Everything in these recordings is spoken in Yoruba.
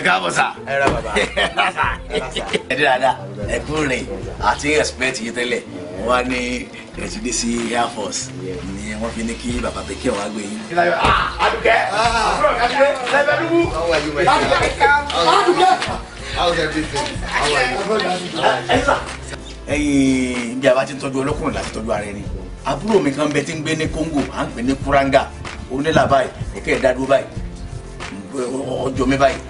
ẹ káàbọ̀ sà. ẹ ra bàbá ẹ dí dáadáa ẹ kúrò àti respect yìí tẹ́lẹ̀ wọ́n ní ẹ̀sídé air force ni wọ́n fi ní kí bàbá bẹ́ẹ̀ kí ọ̀hún ah, àgbẹ̀ yín. adùkẹ́ lẹ́bẹ̀ẹ́dùkú adùkẹ́. how's everything how are you. ẹyin bí a bá ti ń tọ́jú olókùnrin láti tọ́jú ara ẹni àbúrò mi kan bẹ tí ń gbé ní Congo à ń pè ní Kuranga onílà báyìí ẹ̀kẹ́ ẹ̀dá dúró báyìí ọjọ́ mi báyìí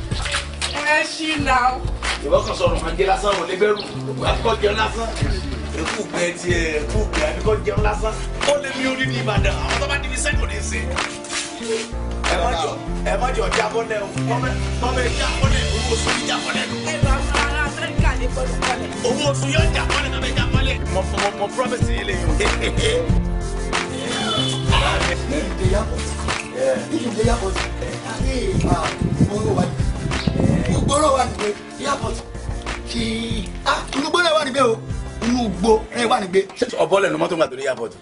ẹ ṣí nà. ìwọ kan sọ̀rọ̀ máa jẹ lásán wọlé bẹ̀rù akọ jẹun lásán èkú gbẹ tiẹ èkú gbẹ àbíkọ jẹun lásán ó lé mi orí ní Ìbàdàn àwọn tó bá níbi sẹ́kọ̀ọ́ ní í ṣe. ẹ má jọ jábọ́lẹ̀ o mọ́mẹ́ jábọ́lẹ̀ owó oṣù ní jábọ́lẹ̀. ẹ bá fún ara Amẹ́ríkà ní kọ́lùkọ́lẹ̀. owó oṣù yóò jábọ́lẹ̀ mọ́mẹ́ jábọ́lẹ̀. mo mo mo promise yìí lè yun. Yeah. You can do your own. Yeah. Hey, uh, gbóró wà nígbé airport kì í ah inú gbóró wà nígbé o inú gbó rẹ wà nígbé. ṣé ọbọ lẹnu mọ́tò wà lórí airport.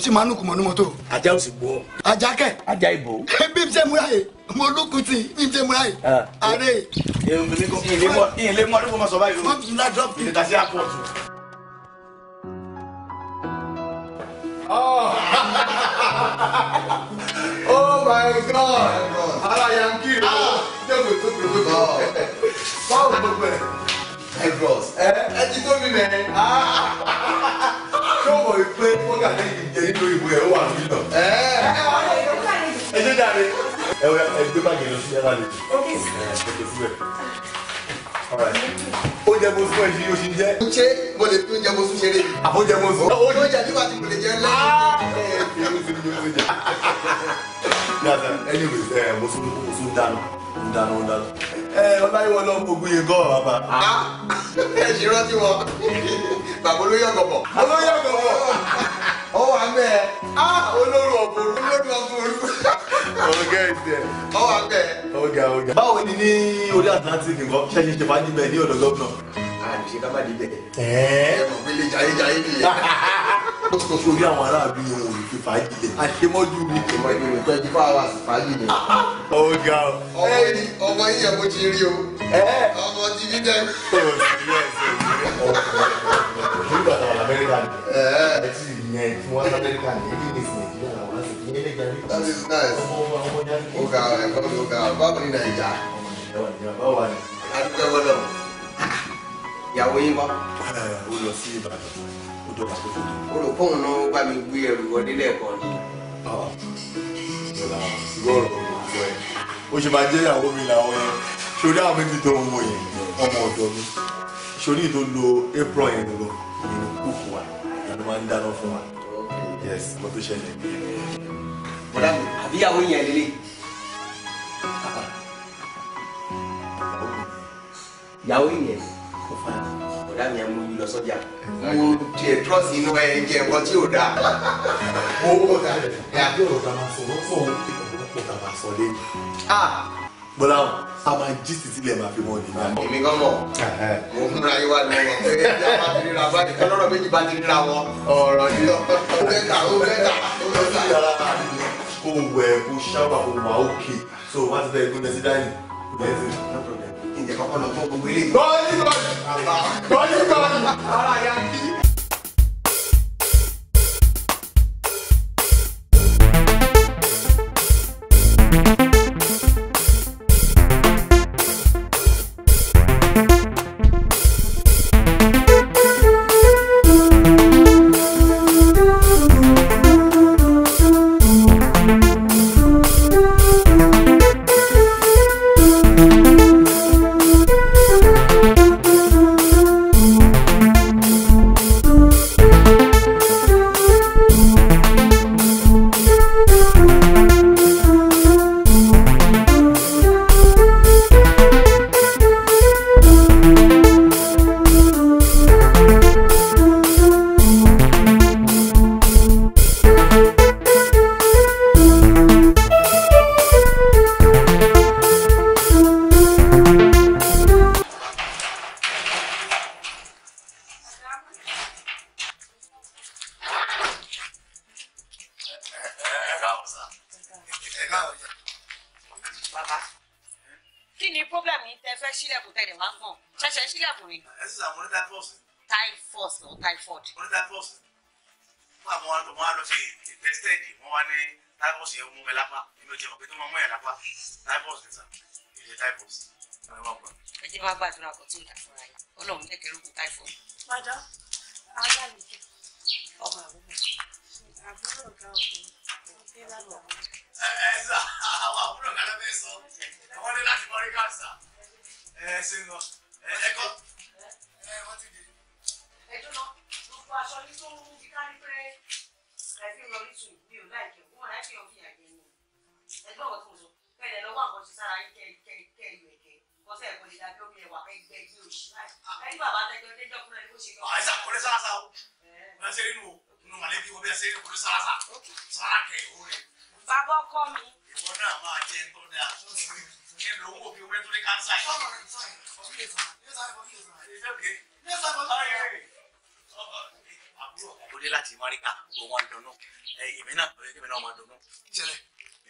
sì máa ń nukùn mọ́ ní mọ́tò. ajá ò sì gbó. ajá kẹ. ajá ìbò. bí ah. mi ṣe múra yìí mo lókun tí bí mi ṣe múra yìí. ààrẹ. èrò mi kò kí ilé mọ ilé mọ ọdún kò mọ sọ báyìí. wọ́n fi ńlá drop. ìlẹ̀ta sí airport. Oh. oh my God! Ara Yankee! Ah jókòó jókòó jókòó báwo gbogbo ẹ ẹgbọs ẹ ẹ ti tó mi mẹ ṣé o mọ̀ wípé fọ́gà lẹ́yìn jẹ nínú ìwé ẹ̀ wà mí lọ. ẹ ẹ ṣe dáre ẹ wọ ẹ gbé báàgì lọ sí yàrá lẹ́yìn ẹ ṣe síbẹ̀ ó jẹ bó sún ẹyí ó ṣe jẹ. n ṣe mo lè tún jẹ bó sún ṣeré. àbó jẹ bó sún. ó ló jẹ nígbà tí mo lè jẹ lẹ́yìn. ẹ ẹ fi ó ṣe jẹ ó ṣe jẹ. yàtọ̀ anyway mo sún mo sún dáná ń dáná ń dáná. ẹ ọláyíwọ lọ gbogbo yẹn gọ bàbá. Ah. Ah. ẹ ṣì rántí wọn bàbá olóyè ọgọbọ. olóyè ọgọbọ ọwọ amẹ ah, ẹ olórí ọgbọrú olórí ọgbọrú. ọgá ẹsẹ. ọwọ amẹ. ọgá ọgá. báwo ni ní orí Atlantic nǹkan ṣe ṣe ṣe fàájì bẹ́ẹ̀ ní ọ̀dọ̀ gọ́vnà àdìsí ká má débẹ̀ ẹ mọ̀ pé lè jayé jayé nìyẹn. sórí àwọn aráàlú yẹn wò ló fi fàájì lè. àṣemọ́jú mi. àṣemọ́jú mi twenty four hours fàájì lè. ó ga o. ọmọ yìí ọmọ yìí yẹn mo ti rí o. ọmọ ti rí dẹ. nígbà táwọn amẹ́ríkà ní. ẹ ti yẹn tí wọ́n amẹ́ríkà ní ebi ní sinmi ìdílé àwọn àti ìyẹn lè gbàgbé. that is nice. ó ga ẹ̀kọ́ mi ó ga báwo ni nàìjà. báwo ni. adúgbò wọlé o ìyàwó yín kọ́. ó lọ sí ìbàdàn ó dọ̀bà tó tó. olùkóhùn náà ó bá mi gbé ẹrù wọlé lẹ́ẹ̀kan ni. gbọ́rọ̀ olùkọ́ ẹ̀ ó ṣe máa jẹ́ ìyàwó mi làwọn ẹ̀ sórí àwọn méjì tó ń wọ yẹn ọmọ ọ̀dọ́ mi sórí tó lo apron yẹn lọ nínú kúkú wa ìyàwó máa ń dáná fún wa. yes mo tó ṣẹlẹ̀. bọ́dà àbíyàwó yẹn lélẹ̀. ìyàwó yẹn kò fà á ọ̀dà mi ẹ̀ mú yín lọ sọ́jà. mo tiẹ̀ trọ́ọ̀sì inú ẹ jẹ nǹkan tí ò dáa. mo kò dà ẹ àbí ọ̀rọ̀ ta máa sọ wọ́n fọ̀ wọ́n pé ọ̀rọ̀ ta máa sọ lé. bọ́lá o a máa jí títí lẹ̀ máa fi mọ́ ọ̀dì náà. èmi gan mọ̀ mo múra yín wá ní wọn pé ẹja máa fi ríra báyìí kọ́ lọ́rọ̀ méjì bá ti ríra wọn. ọ̀rọ̀ ni ó fẹ́ kà ó fẹ́ kà ó fẹ́ kà. kó wẹ̀ kó ṣáwà kó máa ó kì so wọ́n ti fẹ́ gbé lọ sí dáìní. ǹjẹ́ kọ́kọ́ lọ gbọ́ gbogbo ilé. thank you divorce nìta èdè divorce ẹ má gbà. ẹ jẹ́ máa gbàdúrà kan tí ó dà fúnra yìí ọlọ́run ní ẹ̀kẹ́ lóògùn typhoid. padà alálejò ọmọ àbúrò àbúrò ọ̀gá ọkùnrin ọ̀gá ọ̀gá ẹ ẹ sà àwọn àbúrò ọ̀gá lọ́fẹ́ sọ àwọn ní láti mọrí káàsà ẹ ẹ ṣe ń lọ ẹ ẹ kọ́ ẹ wọ́n ti dé. ẹ dúró gbogbo aṣọ ní tó ń mú kí ká ní pẹ́rẹ́ ẹ fi rọrí tù mí ò láì kẹ́ wọ́n á fi hàn fìyà jẹ ní ẹgbẹ́ ọ̀tún wà nǹkan ṣe sára yín kẹ́ kẹ́ kẹ́ ìlú ẹ̀kẹ́ kọ́ sẹ́yìn kò lè dá bí omi ẹ̀wà fẹ́ gbẹ ní oṣù láì ẹni bàbá tẹjọ tẹjọ fún ẹni bó ṣe lọ. àìsàn kò lè sára sa o mo ṣe nínú nínú màlẹ́bí wọn bí ẹ ṣe nínú kò lè sára sa sára kẹ ìwọ rẹ. bàbá ọkọ mi. ìwọ náà máa jẹ ẹ̀tọ́ dáa kí n lówó fi wẹ́ tó ní kánsá yìí. àbúrò ọ̀gá ló dé láti mọ́ríkà gbogbo wọn dunnú ẹ̀yìn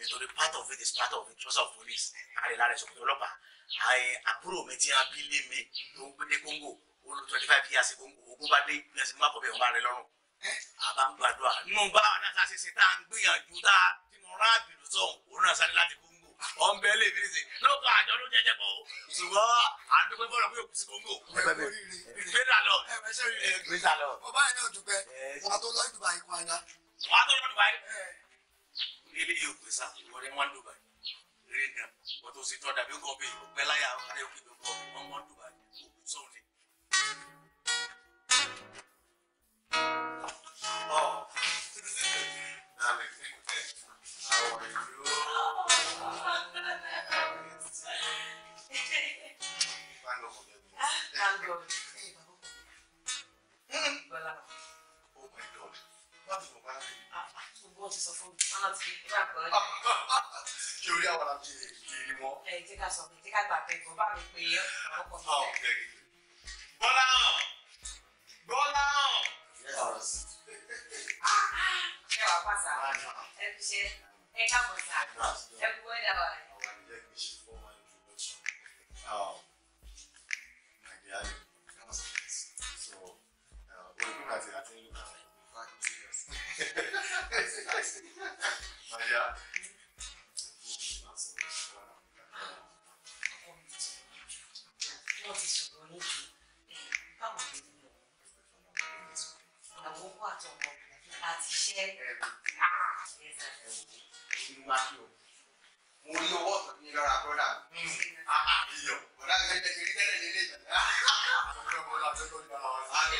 nítorí part of it is part of it trust of police kárí lára ìṣòkòtò ọlọ́pàá àbúrò mi ti hàn bílé mi ló ń gbé ní kóńgò ó lọ twenty five years kóńgò ogún bá dé bí wọ́n ti mú rẹ lọ́rùn àbá ń gbàdúrà nínú bá àwọn náà ṣàṣeṣe tá à ń gbìyànjú tá a ti mọ rán àbìlú sọ̀hún òun náà sáré láti kóńgò ọ̀nbẹ lè fi ṣe lọ́kọ̀ àjọ ló jẹjẹ bọ̀ ṣùgbọ́n àdúgbò bọ̀rọ̀ fún òkú sí kóńgò gbéra lọ gbéra lọ. ọba yẹn náà dùgbẹ́ wàá tó lọ́ọ́ dùbà ikú ajá. wàá tó lọ́ọ́ dùbà ikú eléyìí ò pè sá ìwọlé wọn dùbà eré dàn wọn tó ṣe tọ́ dàbí nǹkan bíi ọgbẹ́ láyà ọ̀kadà òkè tó kọ́ wọn wọn dùbà òkú sóhun ni. Oh, how are you? ti sọ fún mi wọn náà ti fi dá gbọ́n. kí orí àwọn àti èyí mọ. ẹ jẹ́ ká sọ pé jẹ́ ká gbà pé kò bá mi é ọkọ̀ mi bẹ̀. Ah, bọ́lá hàn bọ́lá hàn. Ah, ah. ẹ wà pa ẹ fi ṣe ẹ káàbọ̀ sá ẹ kú wẹ́dà wà. Um, my dear, so, uh, we're looking at think naja. wọ́n ti sọ̀rọ̀ lójú báwọn lè ní ọ̀hún àwọn owó àtọ̀mọ àti iṣẹ́ mo rí owó ọ̀tọ̀ ní lára bọ́dà mi iyọ̀ bọ́dà mi lè ṣe rí tẹ́lẹ̀ lélẹ̀ yìí. ọ̀rẹ́ bọ́dà tó lọ́ọ́ dára wá sí.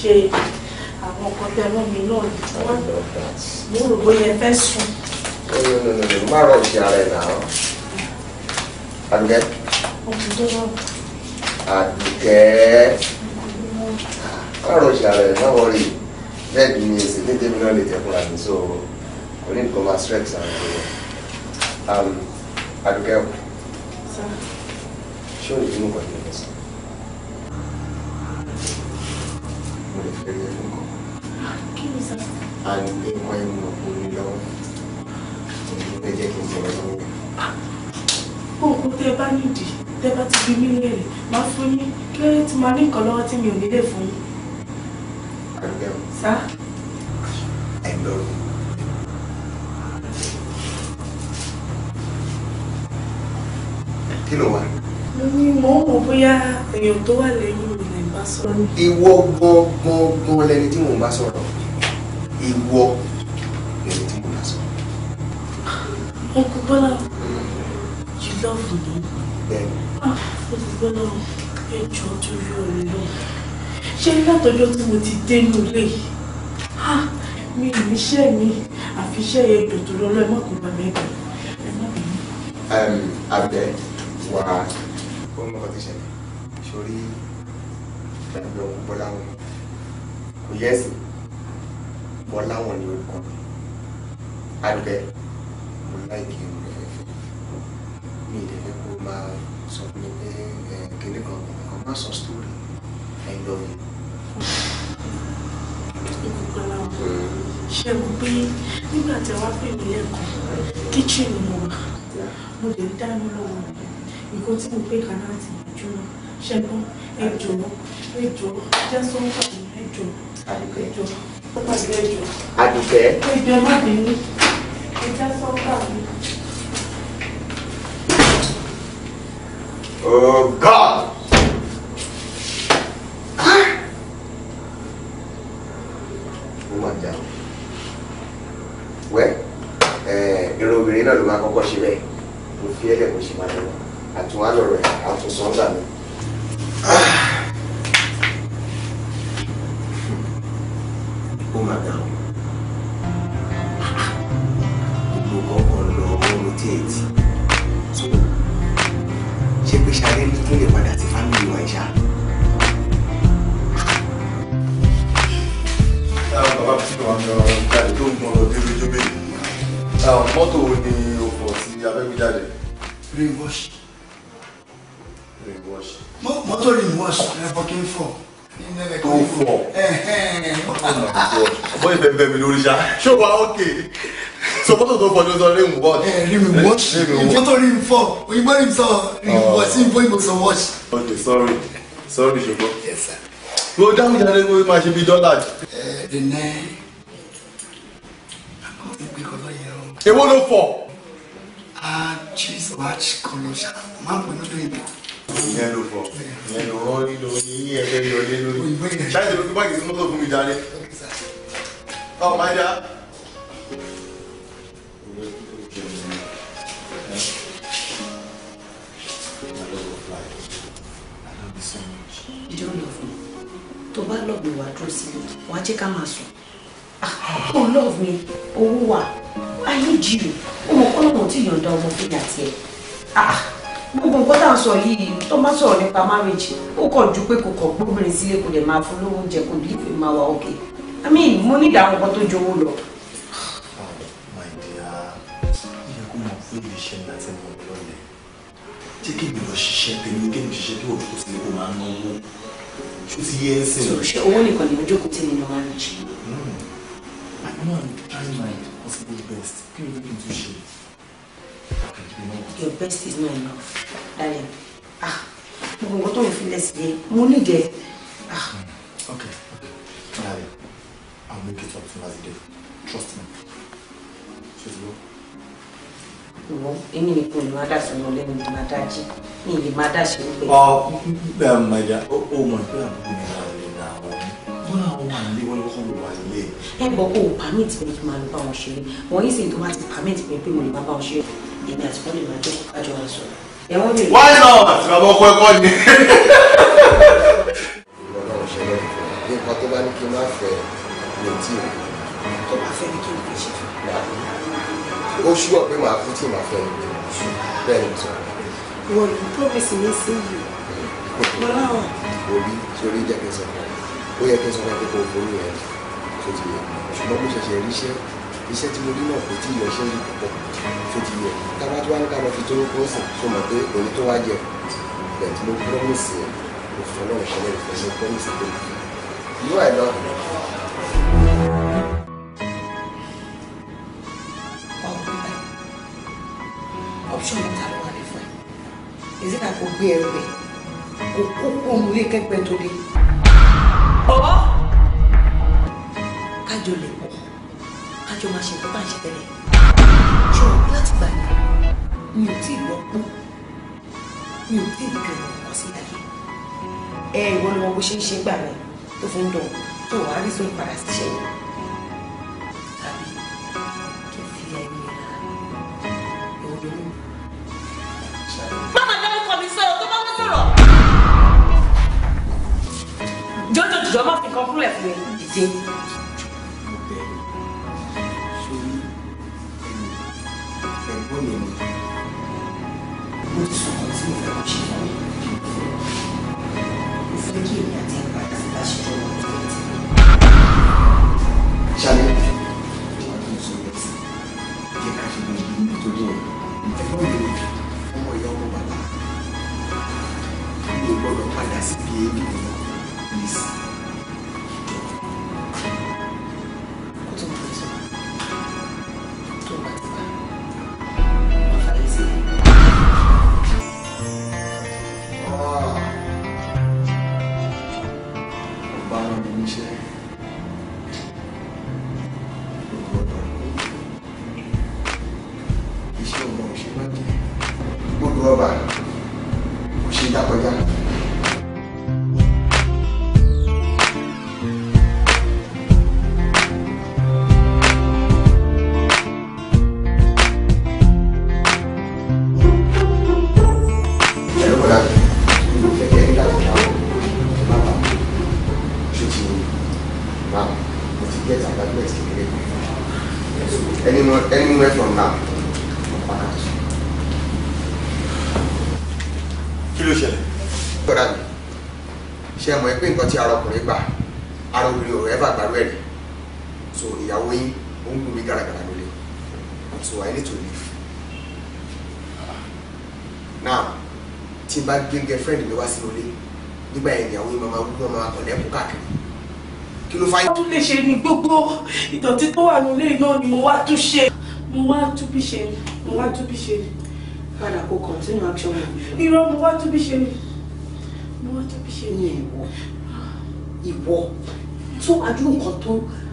ṣe àwọn ọkọ tẹ rán mi náà mo rò bóyá ẹ fẹ́ sùn. má rọ̀ ṣe ara ẹ̀ náà Àdùkẹ́. Àdùkẹ́. má rọ̀ ṣe ara ẹ̀ náà wọ́n rí bẹ́ẹ̀ bí mi èsì ní tèmi náà lè tẹ̀kùn àmì so kò ní nǹkan máa stress àwọn ọ̀rọ̀ um, Àdùkẹ́ o ṣé o lè nínú kan ní ọ̀sán. lè fẹ́ ní ẹnu kan. kí ni sọ. a ní pé wọ́n ń mọ omi lọ́wọ́ òun ló jẹ́ kí n sọ̀rọ̀ lọ́wọ́ rẹ̀. òkú tẹ bá nídìí tẹ bá ti fi mí léèrè máa fún yín kí lóye tí máa ní nǹkan lọ́wọ́ tí mi ò nílé fún yín. sá. ẹ̀ ń lọ́rùn. kí ló wà. mo ní mo ń wò bóyá èèyàn tó wà lẹ́yìn ìwọ gan gan gan lẹni tí mò ń bá sọ̀rọ̀ ìwọ lẹni tí mò ń bá sọ̀rọ̀. uncle Bola you love me. bẹ́ẹ̀ni. Ah, uncle Bola ẹ jọ torí ọ̀rẹ́ lọ ṣé látọjọ́ tí mo ti dé inú ilé yìí ah, mi ò níṣẹ́ mi àfiṣẹ́ yẹn dòtò lọ́lọ́ ẹ má kó bá mi bẹ̀ ẹ má bẹ̀ mí. àbẹ̀ wà ó mọ̀ ọ́ ti ṣẹlẹ̀ jùlọ Bọ́láwọn kò yẹ ẹsìn Bọ́láwọn ni orúkọ mi Àdùkẹ́ mo láìkí irun rẹ fẹfẹ mi ì dẹ̀fẹ́ kó máa sọ fún mi pé ẹ kéde kan kan má sọ sítórì ẹ lọ mi. ṣe mo pé nígbà tí wàá pè mí lẹ́kọ̀ọ́ kíchìnì mo wà mo lè dáná lọ́wọ́ nǹkan tí mo pè kaná àti ìjọba ṣẹ́gbọ́n ẹ jọ̀ọ́ ẹ jọ̀ọ́ jẹ́sọ́ pàdé ẹ jọ̀ọ́ àdùkẹ́ ẹ jọ̀ọ́ pàdé ẹ jọ̀ọ́. àdùkẹ́. ẹ jọ̀ọ́ má bínú ẹ Oh God! Ah! ó máa jà ó wẹ́ eh, irun obìnrin náà ló máa kọ́kọ́ ṣe bẹ́ẹ̀ mo fi ẹ̀lẹ́kùn ṣe máa lọ àtúnwá lọ̀rọ̀ àtúnṣán gbà mí. sọ òyìnbó ni sọ ìwọ sí ìbò ìbò sọ wọ́ọ̀ṣì. ok sorry sorry Shoko. yes sir. wo dáhùn jáde the máa ṣe bíi dọ́là. ẹ ẹ nẹ àkókò ìgbé kọlọ yẹn o. èwo ló fọ. a oh ah, cheese watch kọlọ ṣá máa ń pè ní lóyìnbó. ìyẹn ló fọ ìyẹn ló rán nílò yín ẹgbẹ́ yọlé lórí. ṣáà ìdòdó báyìí sí mọ́tò fún mi dáre. ọ̀ máa dá. jẹ́ ọ̀nà fún mi tó bá lọ́ọ̀bù wà dúró sílé wàá jẹ́ ká máa sùn ah, ó lọ́ọ̀bù mi owó wà ayéjì rò ó mọ̀ kọ́lọ́mọ̀ tí ìyọ̀ǹda ọmọ fìyà tiẹ̀ ah, gbogbo nǹkan tá à ń sọ yìí tó má sọ̀rọ̀ nípa marriage ó kàn ju pé kò kàn gbóbìnrin sílé kò lè máa fún lówó oúnjẹ kò lè fi máa wà òkè i mean mo ní ìdáhùn kan tó jowó lọ. Ah, my dear yẹ kó mọ̀ pé iléeṣẹ́ ńlá tí mo lọ lẹ̀ jẹ́ kí mi lọ ṣiṣẹ́ tèmi kí mi ṣiṣẹ́ kí òkú sílé kó máa náwó ṣó ti yẹ ẹ sìn. ṣe owó nìkan ni ojú I know I'm trying my possible best kí ló dé tó ṣe. Your best is not enough darling ah gbogbo nǹkan tó ń fi lẹ́sìn yẹn ah. Hmm. Okay, darling, I'll make it up to you trust me. Ṣé o ìwọ èmi nìkan ni màá dà sọ̀rọ̀ lẹ́nu ni màá dá jí ní ìlè màá dà ṣe wípé. ọ bẹ ẹ mọjà ó mọ pé àbúrò mi náà lè nà wọn wọn àwọn máa lé wọn lọkọ lọ wà lé. ẹ bọ kó o permit mi kí n máa lọ bá wọn ṣeré wọn yìí sì tó bá ti permit mi pé mo lè máa bá wọn ṣeré èmi àti wọn lè máa jókòó kájọ wọn sọ̀rọ̀. why not àti bàbá ọkọ ẹkọ ni. ìwọ náà ṣe lẹ́yìn nǹkan tó bá ní kí n má fẹ́ lè tí ì tó bá fẹ́ ní kí n fi ṣe fún mi ó ṣúwọ̀ pé màá kú tí màá fẹ́ mi bẹ́ẹ̀ ni sọ. wọ́n lù promise mi sí yìí wọ́n láwọn. òbí sórí jẹ́ kí n sọ ó yẹ kí n sọ fún ẹ pé kò forí ẹ tó ti yẹ ṣùgbọ́n mo ṣẹ̀ṣẹ̀ ríṣẹ́ iṣẹ́ tí mo rí náà kò tí ì yọṣẹ́ yìí púpọ̀ tó ti yẹ tábà tí wàá ní ká lọ fi tó ó sàn tó mọ̀ pé òní tó wá jẹ bẹ́ẹ̀ tí mo promise ẹ mo fọ́ náà ṣẹlẹ̀ ìfẹ́ mo promise pé you are not. kò gbé ẹrù ẹ̀ kò kó kóun lé kẹ́gbẹ́ tó dé. ọ̀wọ́ kájọ lè pọ̀ kájọ máa ṣe pípa ìṣe tẹ́lẹ̀ ṣé o láti gbà yẹn mi ò tí ì gbọ́ pọ́ mi ò tí ì bí ọ̀rọ̀ kan sí ayé ẹ ìwọ ni wọn bó ṣe ń ṣe gbà mí tó fi ń dùn tó wàá rí sóyún padà sí ṣẹ́yìn. jọ má fi kan kúlẹ̀ fún mi dìde. ẹ̀gbọ́n mi ló fà. wọ́n tún lè ṣe ní gbogbo ìdọ̀tí tó wà nílé náà ni mo wá tún ṣe mo wá tún bí ṣe mo wá tún bí ṣe padà kó continue action mi. irọ́ mo wá tún bí ṣe mo wá tún bí ṣe. ní ìwọ ìwọ tó adúrú kan tó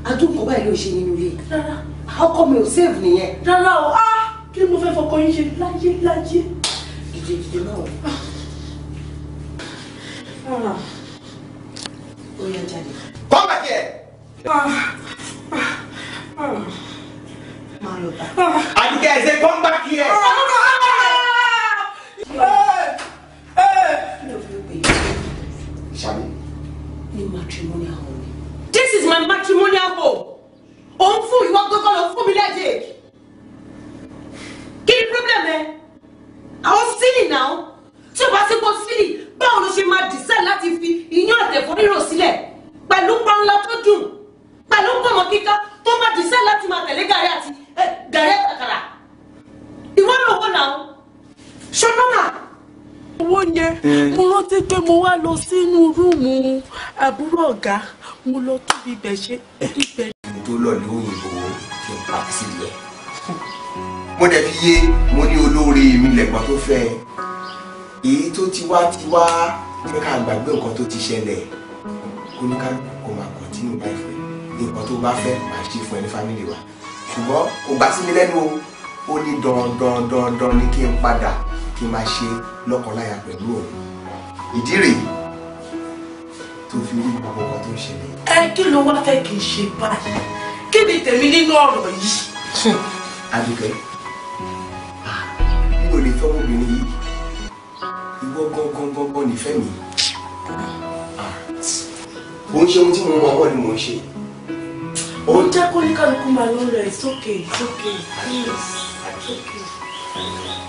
adúrú kan báyìí ló ṣe nínú ilé. rárá ọkọ mi ò save nìyẹn. rárá o á ah! kí ni mo fẹ́ fọkọ yín ṣe láyé láyé. gidi gidi náà. rárá ah! ó yá jáde. Àdìgẹ́ they come back here. Ṣàmì. Ní matrimonial This is my matrimonial home. Òun fún ìwọ gbọ́gbọ́ lọ fún mi lẹ́jẹ̀. Kí ni problem Eh, ẹ? Àwọn sílì náà tí o bá ti kó sílì báwo ló ṣe máa dìsẹ́ láti fi iyán àtẹ̀fọ́ rírò but look, I'm not dùn pẹ̀lú gbọ̀mọ̀ kíkọ́ tó bá ti sẹ́ láti máa tẹ̀lé gàrí àti gàrí àtàkàrà ìwọ náà wò náà ṣọlọ́nà. owó yẹn eh. mo rántí pé mo wá lọ sínú rúùmù àbúrò ọ̀gá mo lọ tóbi ibẹ̀ ṣe ibẹ̀. mo tó lọ ní òyìnbó kí n sílẹ̀ mo dẹ̀ yé mo ní olóore mi lẹ̀gbọ́n tó fẹ́ èyí tó tiwá tiwá fẹ́ ká gbàgbé nǹkan tó ti ṣẹlẹ̀ kó ní ká kó máa kọ̀tínú nǹkan tó bá fẹ́ máa ṣe fún ẹni fámìlì wa ṣùgbọ́n kò gbà sí mi lẹ́nu o ó ní dandan dandan ni kí n padà kí n máa ṣe lọ́kọ̀ọ́láyà pẹ̀lú òun ìdí rèé tó fi rí gbogbo nǹkan tó ń ṣẹlẹ̀. ẹ kí ló wá fẹ́ kí n ṣe báyìí kí ni tèmi nínú ọ̀rọ̀ yìí. Àdùkẹ́ n lè fẹ́ obìnrin yìí ìwọ gangan gangan nífẹ̀ẹ́ mi. mo ń ṣe ohun tí mo mọ ọwọ́ ni mo ń ṣe ó ń jẹ́ kó ní kálukú it's okay it's okay please it's okay.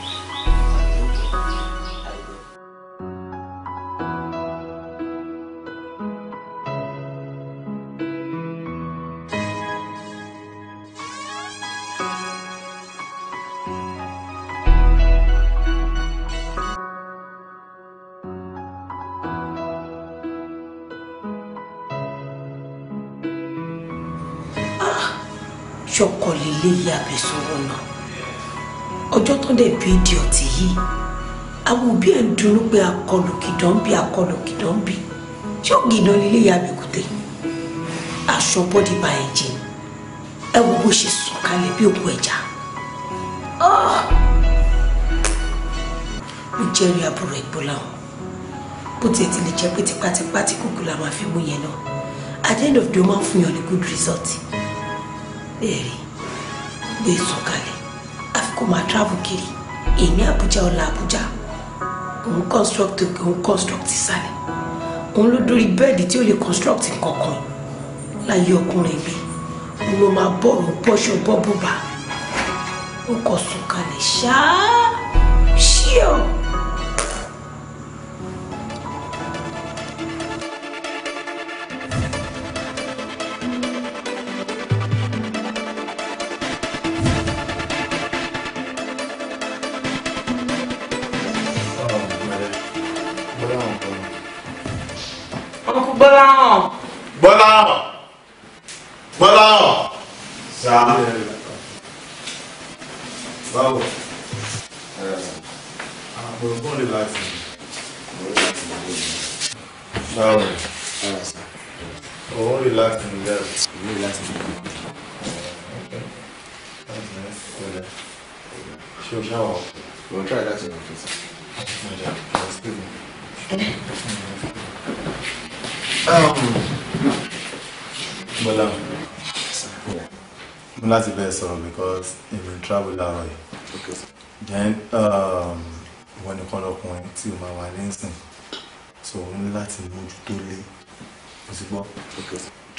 eléyìí àbẹ̀sọ̀rọ̀ náà ọjọ́ tó dẹ̀ bí di ọ̀tí yìí àwọn òbí ẹ̀ ń dunú pé akọlù kìdánbì akọlù kìdánbì tí ó gìnà nílé ìyá mi kùtẹ́ aṣọ bọ́dì bá ẹ̀ jẹ ẹ wo bó ṣe sùn kalẹ̀ bí òkú ẹja ah! mo jẹ́rìí àbúrò ìgbóná bó tiẹ̀ ti lè jẹ́ pé tipátipá tí kúkú la máa fi mú yẹn náà at the end of the day ó máa ń fún yàn ní good result. Bẹ́ẹ̀ gbé sọ̀kalẹ̀ àfi kó máa travel kiri èmi Àbújá ọ̀la Àbújá òun construct òkè òun construct ìsàlẹ̀ òun ló dórí bẹ́ẹ̀dì tí ó lè construct nǹkan kan láyé ọkùnrin mi òun ló máa bọ́ọ̀rù bọ́ṣọ bọ́ bùbá ó kọ sùn kalẹ̀ ṣáá ṣíọ̀.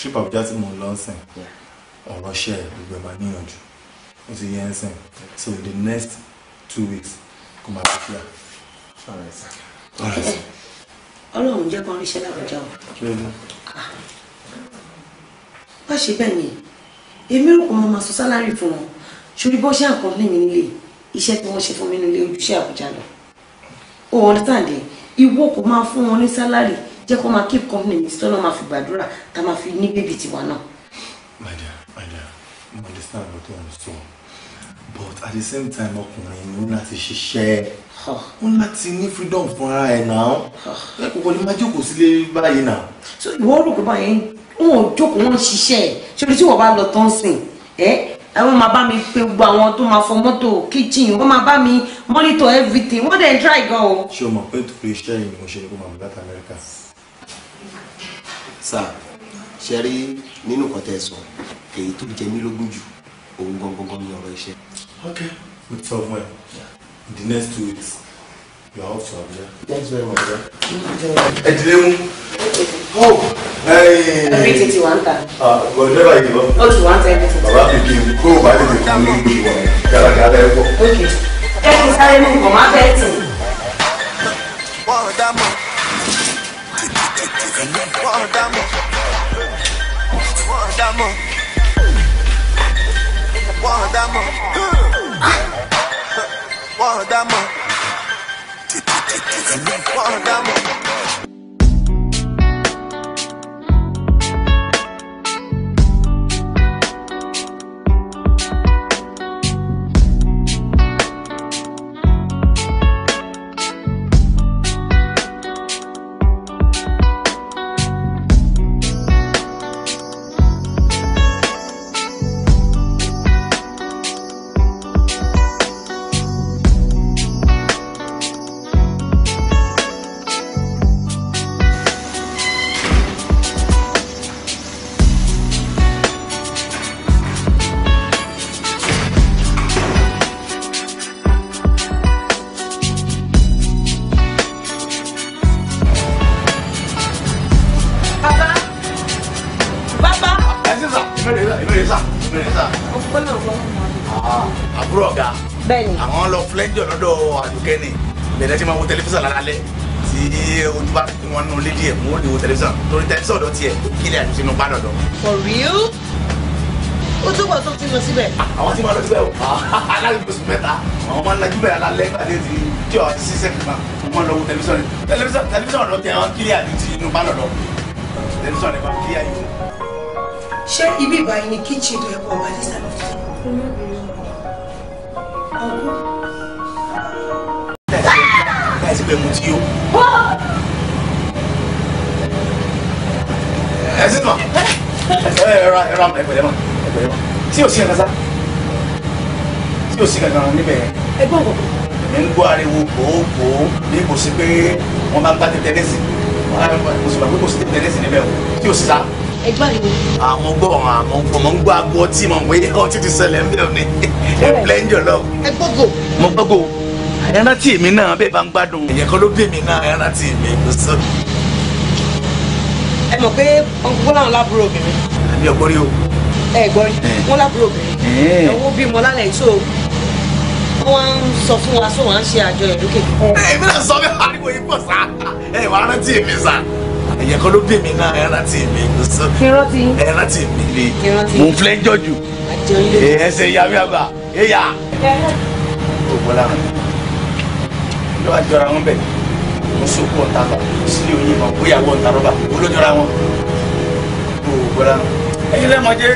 trip Abuja tí mò ń lọ sìn ọ̀rọ̀ ṣẹ́ gbogbo ẹ̀ máa níyànjú ó ti yẹ ń so in the next two weeks kò máa fi kíá. ọlọ́run jẹ́ kó ń ríṣẹ́ lábùjá o. wá ṣe bẹ́ẹ̀ ni èmi rò pé mo máa sọ sálárì fún wọn ṣorí bó ṣe àkọ́ńtì mi nílé iṣẹ́ tí wọ́n ṣe fún mi nílé ojúṣe Àbújá lọ. o understand ìwọ kò máa fún wọn ní sálárì jẹ́ kó máa keep company mi sọ́nà máa fi gbàdúrà ká máa fi ní bébì tiwa náà. my dear my dear mo understand what you want to but at the same time ọkùnrin ni ó láti ṣiṣẹ́ ó láti ní freedom fúnra ẹ̀ náà ẹ kò kọ́ ni máa jókòó sílé báyìí náà. so ìwọ rò pé báyìí wọn ò jókòó wọn ṣiṣẹ́ ẹ̀ ṣorí tí wọ́n bá lọ tán sìn ẹ́ àwọn máa bá mi pe gbogbo àwọn tó máa fọ mọ́tò kitchen wọ́n máa bá mi monitor everything wọ́n dẹ̀ ń try gan o. ṣé o mọ̀ pé torí iṣẹ́ yìí ni mo ṣe ní kó máa mú láti Amẹ́ríkà sá ṣe rí nínú nǹkan tẹ́ ẹ sọ èyí tó jẹ mí lógún jù òun gangan ni ọ̀rọ̀ iṣẹ́. ok mo ti sọ in the next two weeks you are off to Abuja. thanks very much. ẹ ti lé mú. ẹbí ti ti wá ń ta. bọ̀ dẹ́rẹ́bà yìí lọ. ó ti wá ń ta ẹbí ti ti. bàbá kìkì kó o bá lè lè fún mi ní ìwà gàràgàrà ẹ pọ. ok ẹ kò sáré mú nǹkan má fẹ́ tì. wọ́n dá mọ́. One one. One one. One one. One guardamos, guardamos, One guardamos, guardamos. sílẹ̀ sínú pádọ̀dọ̀. for real? ó túbọ̀ tó ti lọ síbẹ̀. Ah, àwọn tí wọ́n lọ síbẹ̀ o ah, alárìnbó sùn mẹ́ta àwọn máa ń lajú bẹ́ẹ̀ alálẹ́ gbàdé ti tí ọ̀ sí sẹ́kì kan wọ́n lọ wo tẹlifíṣọ̀n tẹlifíṣọ̀n tẹlifíṣọ̀n lọ tẹ wọn kílíà ju ti inú pádọ̀dọ̀ tẹlifíṣọ̀n lẹ́kọ̀ọ́ kílíà yìí. ṣé ibi ìbáyìí ni kíchìn tó yẹ kó ọba ní sàlùfẹ́? ọ̀gbọ́n. ẹ̀ ti bẹ̀ mú tí yó. sí ma ẹ ẹ ra ẹ ma ẹ pẹ̀lẹ́ ma tí o sí ẹ̀ka sá tí o sí ẹ̀ka níbẹ̀ ẹ gbọ́ ọ̀pọ̀. mi ń gbọ́ ariwo gbòógbò bí kò sí pé wọ́n máa ń gbá tẹ́tẹ́ lẹ́sìn mo o tí o sí sá. ẹ gbọ́ ariwo. àmọ́ ah, gbọ́ àmọ́ ah, ọmọ ń gbọ́ agbo ọtí mọ̀ pé ọtí ti ṣẹlẹ̀ ń bẹ̀ ni ẹ bẹ̀rẹ̀ ń jọ lọ. ẹ gbọ́gò. mo gbọ́gò ẹran tí èmi náà bẹ́ẹ̀ bá ń gbádùn. ẹ̀yẹ kan ló bí èmi náà ẹran tí èmi kò ẹ mọ̀ pé ọkùnkùn làwọn lábúrò obìnrin. àbí ọgbọ́n rí o. ẹ gbọ́ rí wọn lábúrò obìnrin. owó bímọ lálẹ́ tó wọ́n ń sọ fún wa sọ wọ́n ń ṣe àjọ ìlú kékeré. èmi náà sọ bẹ́ẹ̀ ariwo yìí pọ̀ sá ẹ wàá rántí èmi sá ẹ̀yẹ kan ló bí mi náà ẹ rántí mi. ìrántí. ẹ rántí mi le. ìrántí. mo ń filẹ̀ jọ́jú. àjọ ilé. ẹsẹ̀ ìyá mi àgbà ẹ̀yà. ó gbọ́dọ̀ àwọn ló wà mùsùlùmí ọ̀tá lọ sílé oyin mọ̀ bóyá wọ́n ń ta rọ́bà olójọ́ra wọn. gbogbo lẹ́mọ̀jẹ́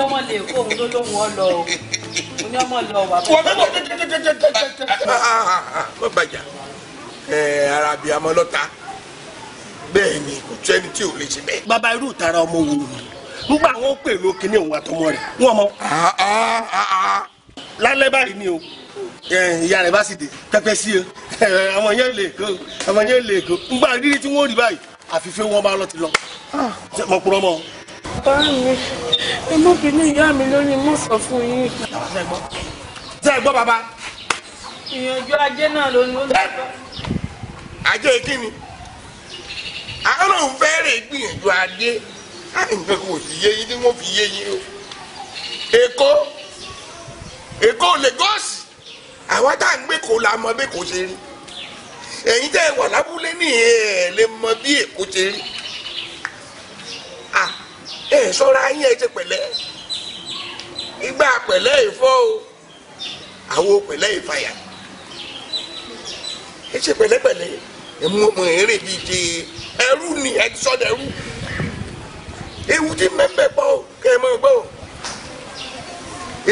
ní ọmọ lè kó òun ló lóun ọ lọ o mo ní ọmọ lọ wà. wọ́n bẹ́ẹ̀ bẹ́ẹ̀ tẹ́tẹ́ tẹ́tẹ́ tẹ́tẹ́ tẹ́tẹ́. má bàjá ara bíi amọ lọ́ta bẹ́ẹ̀ ni kò tún ẹni tí ò lè ṣe bẹ́ẹ̀. bàbá irú ìtara ọmọ wo ni ngbà wọn pè ló kíní òun àtọmọ rẹ wọn mọ. lálẹ́ báyìí ni o ìyá rẹ̀ bá sì dé pẹ́pẹ́ sí o ọmọ yẹn lè kó ọmọ yẹn lè kó ngbà rírí tí wọ́n rí báyìí àfìfẹ́ wọn bá lọ ti lọ. Ah. mọ̀kúrọ́ báyìí ẹ má bínú ìyá mi lórí mọ́ sọ fún yín. ṣe é gbọ́ bàbá. ìyànjú ajé náà ló ń lò. ajé kí ni àwọn òun fẹ́rẹ̀ gbìyànjú ajé nǹkan kò sì yé yín tí wọ́n fi yé yín o. èkó èkó lagos àwa tá à ń gbé kó la mọ bí kò ṣe rí ẹ̀yin tẹ́ ẹ wà lábúlé ní ẹ̀ lè mọ bí èkó ṣe rí ẹ sọra yín ẹ ti pẹ̀lẹ́ ìgbà pẹ̀lẹ́ ìfọ́ o àwo pẹ̀lẹ́ ìfàyà ẹ ti pẹ̀lẹ́pẹ̀lẹ́ ẹmu ọmọ eré bíi ti ẹrú ni ẹ ti sọdọ ẹrú ewu ti mẹ́mẹ́ pọ̀ kẹ́ ẹ mọ̀ gbọ́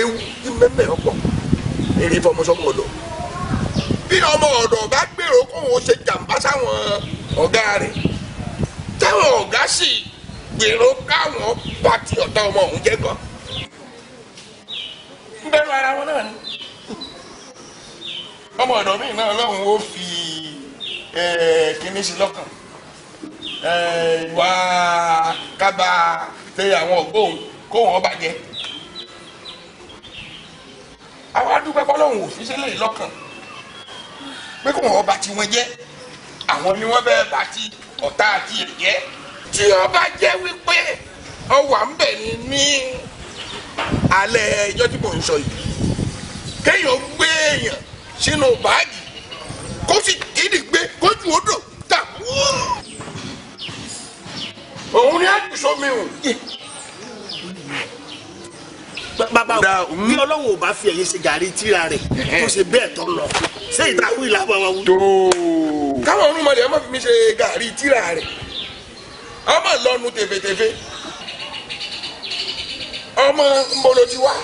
ewu ti mẹ́mẹ́ ọ̀pọ̀ eré fọmọsọmọ ọ̀dọ̀ bí ọmọ ọ̀dọ̀ bá gbèrò kóun ṣe jàǹbá sáwọn ọ̀gá rẹ̀ táwọn ọ̀gá sì. Si gbèrò káwọn bá ti ọ̀tá ọmọ òun jẹ́ gan. ń bẹ̀rù ara wọn náà ni ọmọ ọ̀dọ̀ mi náà lọ́hùn ó fi kíní sí lọ́kàn ìwà kábà tẹ àwọn ọ̀gbọ́n kó wọn bàjẹ́ àwa dúpẹ́ fọlọ́hùn òfin sílẹ̀ lọ́kàn pé kó wọn ọba tí wọ́n jẹ́ àwọn ni wọ́n bẹ́ẹ̀ bá ti ọ̀tá àti èjẹ́ tí ó bá jẹ́ wípé ó wà ń bẹ̀ ni ní alẹ́ ẹjọ́ tí mò ń sọ yìí kéèyàn gbé èèyàn sínú báàgì kó sì dídì gbé kó ju odò tà wúrú òun ni àdùsọ mi ò. bàbá o bí mm. ọlọ́run ò bá fi ẹ̀yẹ ṣe gàrí tíra rẹ̀ kó ṣe bẹ́ẹ̀ tọ́ lọ ṣé ìtakùn ìlà bàbá wù. káwọn ọ̀run mọ̀lẹ́ ẹ má fi mi ṣe gàrí tíra rẹ̀ ọmọ lọ́nu tèfètèfè ọmọ nbolo ti wá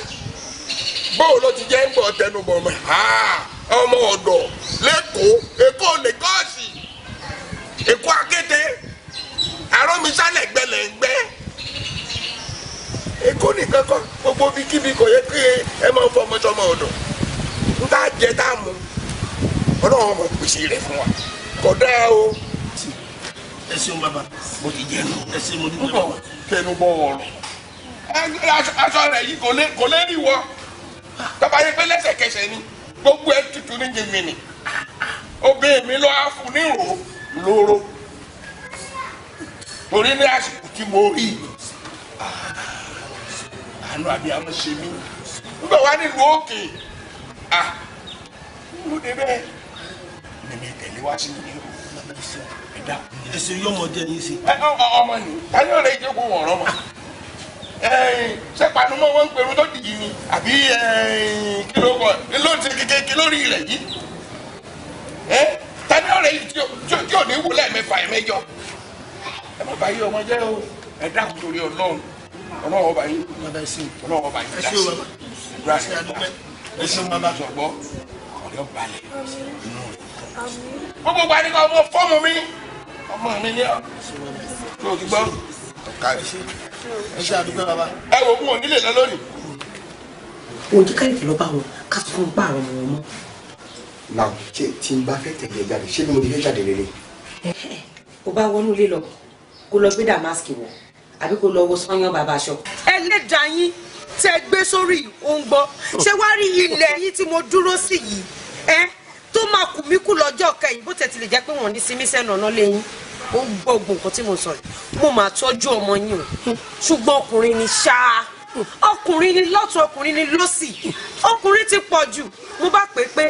bóò ló ti jẹ́ ń bọ̀ tẹnubọ̀ mọ́ ọmọ ọ̀dọ̀ lẹ́kọ̀ọ́ èkó lẹ́gọ́ọ̀sì èkó akéde àrọ́misálẹ̀ gbẹlẹ̀ngbẹ́ èkó nìkan kọ́ gbogbo bí kíbi kò yẹ kí ẹ máa fọ ọmọ sọmọ ọ̀dọ̀ ń tá jẹ tá mu ọlọ́run ọmọ pèsè rẹ̀ fún wa kódà o ẹ ṣeun bàbá mo ti jẹ ẹnu ẹ ṣe mo dúpẹ́ bàbá. kẹnu bọ wọrọ aṣọ rẹ yìí kò lè rí wọ tọba yẹn pé lẹ́sẹ̀kẹsẹ̀ ni gbogbo ẹ tutù ní jìnnì obìnrin mi lọ fún ní rò lóró torí ní àsìkò tí mo rí àánú àbí àwọn ṣe mí nígbà wà nílùú òkè ah mo dé bẹ́ẹ̀ mímí tẹ̀lé wá sí mi dá. ẹsẹ yọmọdé yín sí. ọmọ ni tani ọ̀rẹ́ ìjẹ́ kó wọ̀ ọ̀rọ̀ mọ́ ṣé panumọ́ wọn ń pẹ̀lú tó dìgì ni àbí kí ló kọ ló ń ṣe kékeré lórí rẹ̀ yìí tani ọ̀rẹ́ yìí tí ò ní wúlẹ̀ mẹ́fà mẹ́jọ ẹ má bàa yí ọmọ jẹ́ o ẹ dákun torí ọlọ́run ọlọ́run ọba yìí ọlọ́run ọba yìí dá sí ìgbà sí àdúgbò ẹ ṣe máa bá sọ̀gbọ́ ọ̀rẹ́ ọ̀balẹ̀ inú rẹ̀ gbogbo àdìgbà ọmọ fọ́ọ̀mù mi ọmọ mi ní ọ tó o ti gbọ́. ẹ wò ó onílé lọ lónìí. òun jẹ́ káyọ̀tì lọ́ba wọn ká tó fún pààrọ̀ mọ́ wọn náà ṣé tí n bá fẹ́ tẹ̀lé jáde ṣé bí mo ti fẹ́ jáde rere. kò bá wọnú ilé lọ kó lọ gbé damask wọ àbí kó lọ wo sanyọ bàbá aṣọ. ẹ yín tẹ gbé sórí òǹgbọ ṣé wàá rí ilẹ̀ yìí tí mo dúró sí yìí tó máa kù mí kú lọ́jọ́ kẹyìn bó tẹ̀ tilẹ̀ jẹ́ pé wọ́n ní sinmi sẹ́nu ọ̀nà lẹ́yìn ó gbọ́ ogun nǹkan tí mo sọ yìí mo máa tọ́jú ọmọ yín o ṣùgbọ́n ọkùnrin ni ṣáá ọkùnrin ni lọ́tún ọkùnrin ni lọ́sì ọkùnrin ti pọ̀ jù mo bá pè pé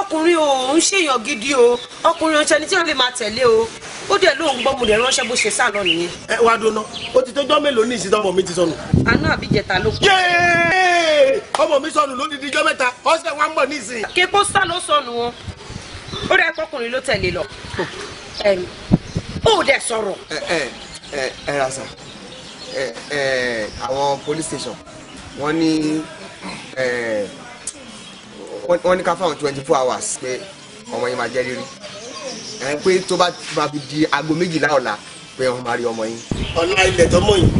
ọkùnrin ò ń ṣèyàn gidi o ọkùnrin ọ̀ṣẹ́ni tí wọ́n lè máa tẹ̀lé o ó dẹ̀ ló ń gbọ́ mo dẹ̀ ránṣẹ́ bó ṣe sá lọ nìyẹn. ẹ wá dúná ó ti tọjọ́ mélòó ní ìsìn ọmọ mi ti sọnù. àná àbíjẹta ló kú. ọmọ mi sọnù lódìdí ijọ́ mẹ́ta ọ̀sẹ̀ wa ń bọ̀ ní ìsìn. képo sá ló sọnù wọn ó rẹ ọkùnrin ló tẹ̀lé lọ ẹni ó dẹ sọ̀rọ̀. ẹ ẹ ẹ rasa ẹ ẹ àwọn police station wọ́n ní ẹ wọ́n ní ká fáwọn twenty four hours pé ọmọ yín máa jẹ́ rírí ẹ pé tó bá máa fi di aago méjìlá ọ̀la pé wọ́n máa rí ọmọ yín. ọ̀la ilẹ̀ tọmọ yìí